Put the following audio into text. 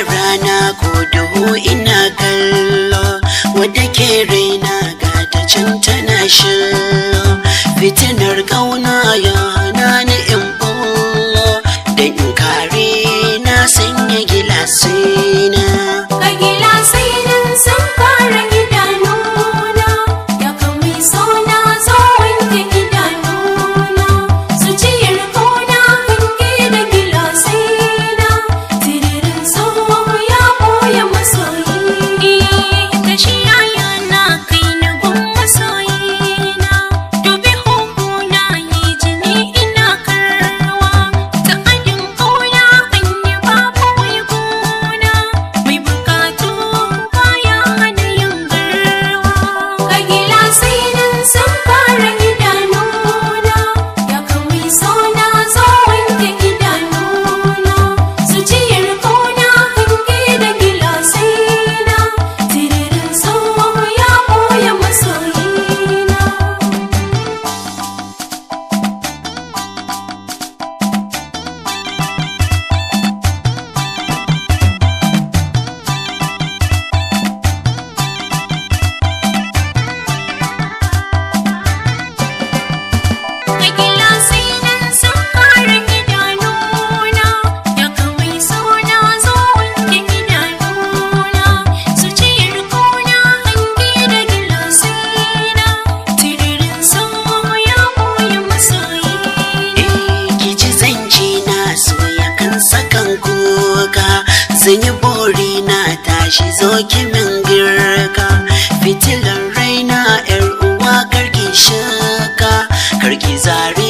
rana ko duhu ina kallo wadda ke raina ga ta canta shuka karki zari